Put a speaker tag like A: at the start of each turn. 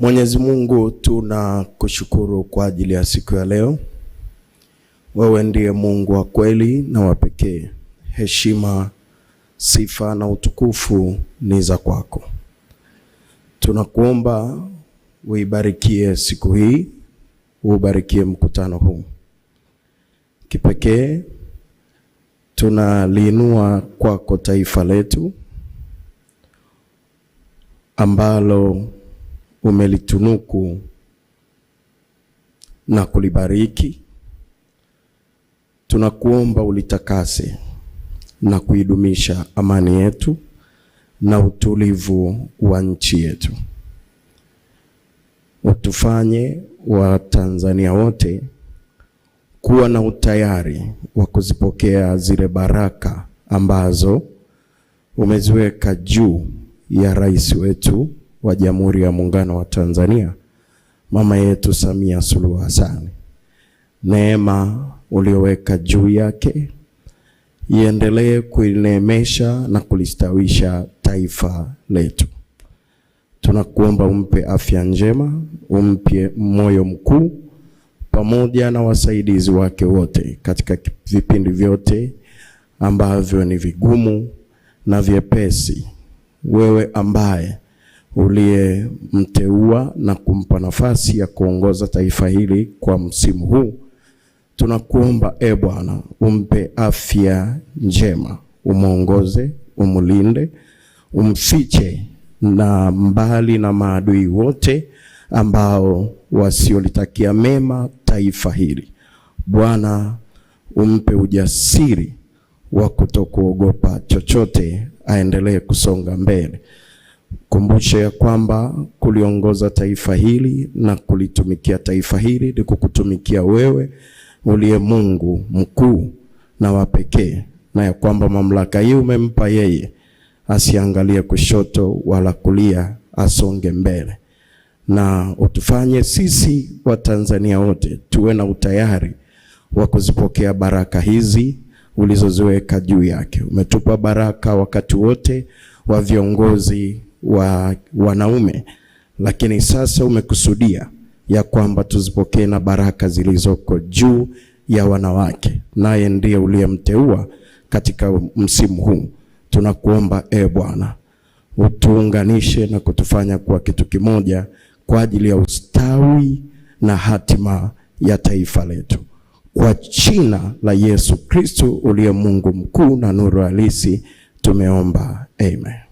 A: Mwenyezi Mungu, tunakushukuru kwa ajili ya siku ya leo. Wewe ndiye Mungu wa kweli na wa pekee. Heshima, sifa na utukufu ni za kwako. Tunakuomba uibarikie siku hii, uubarikie mkutano huu kipekee. Tunaliinua kwako taifa letu ambalo umelitunuku na kulibariki, tunakuomba ulitakase na kuidumisha amani yetu na utulivu wa nchi yetu, utufanye Watanzania wote kuwa na utayari wa kuzipokea zile baraka ambazo umeziweka juu ya rais wetu wa Jamhuri ya Muungano wa Tanzania, mama yetu Samia Suluhu Hassan. Neema ulioweka juu yake iendelee kulineemesha na kulistawisha taifa letu. Tunakuomba umpe afya njema, umpe moyo mkuu pamoja na wasaidizi wake wote katika vipindi vyote ambavyo ni vigumu na vyepesi. Wewe ambaye uliyemteua na kumpa nafasi ya kuongoza taifa hili kwa msimu huu. Tunakuomba e Bwana, umpe afya njema, umwongoze, umlinde, umfiche na mbali na maadui wote ambao wasiolitakia mema taifa hili. Bwana, umpe ujasiri wa kutokuogopa chochote, aendelee kusonga mbele. Kumbushe ya kwamba kuliongoza taifa hili na kulitumikia taifa hili ni kukutumikia wewe uliye Mungu mkuu na wa pekee, na ya kwamba mamlaka hii umempa yeye, asiangalie kushoto wala kulia, asonge mbele, na utufanye sisi Watanzania wote tuwe na utayari wa kuzipokea baraka hizi ulizoziweka juu yake. Umetupa baraka wakati wote wa viongozi wa wanaume, lakini sasa umekusudia ya kwamba tuzipokee na baraka zilizoko juu ya wanawake, naye ndiye uliyemteua katika msimu huu. Tunakuomba e Bwana, utuunganishe na kutufanya kuwa kitu kimoja kwa ajili ya ustawi na hatima ya taifa letu, kwa jina la Yesu Kristo uliye Mungu mkuu na nuru halisi, tumeomba amen.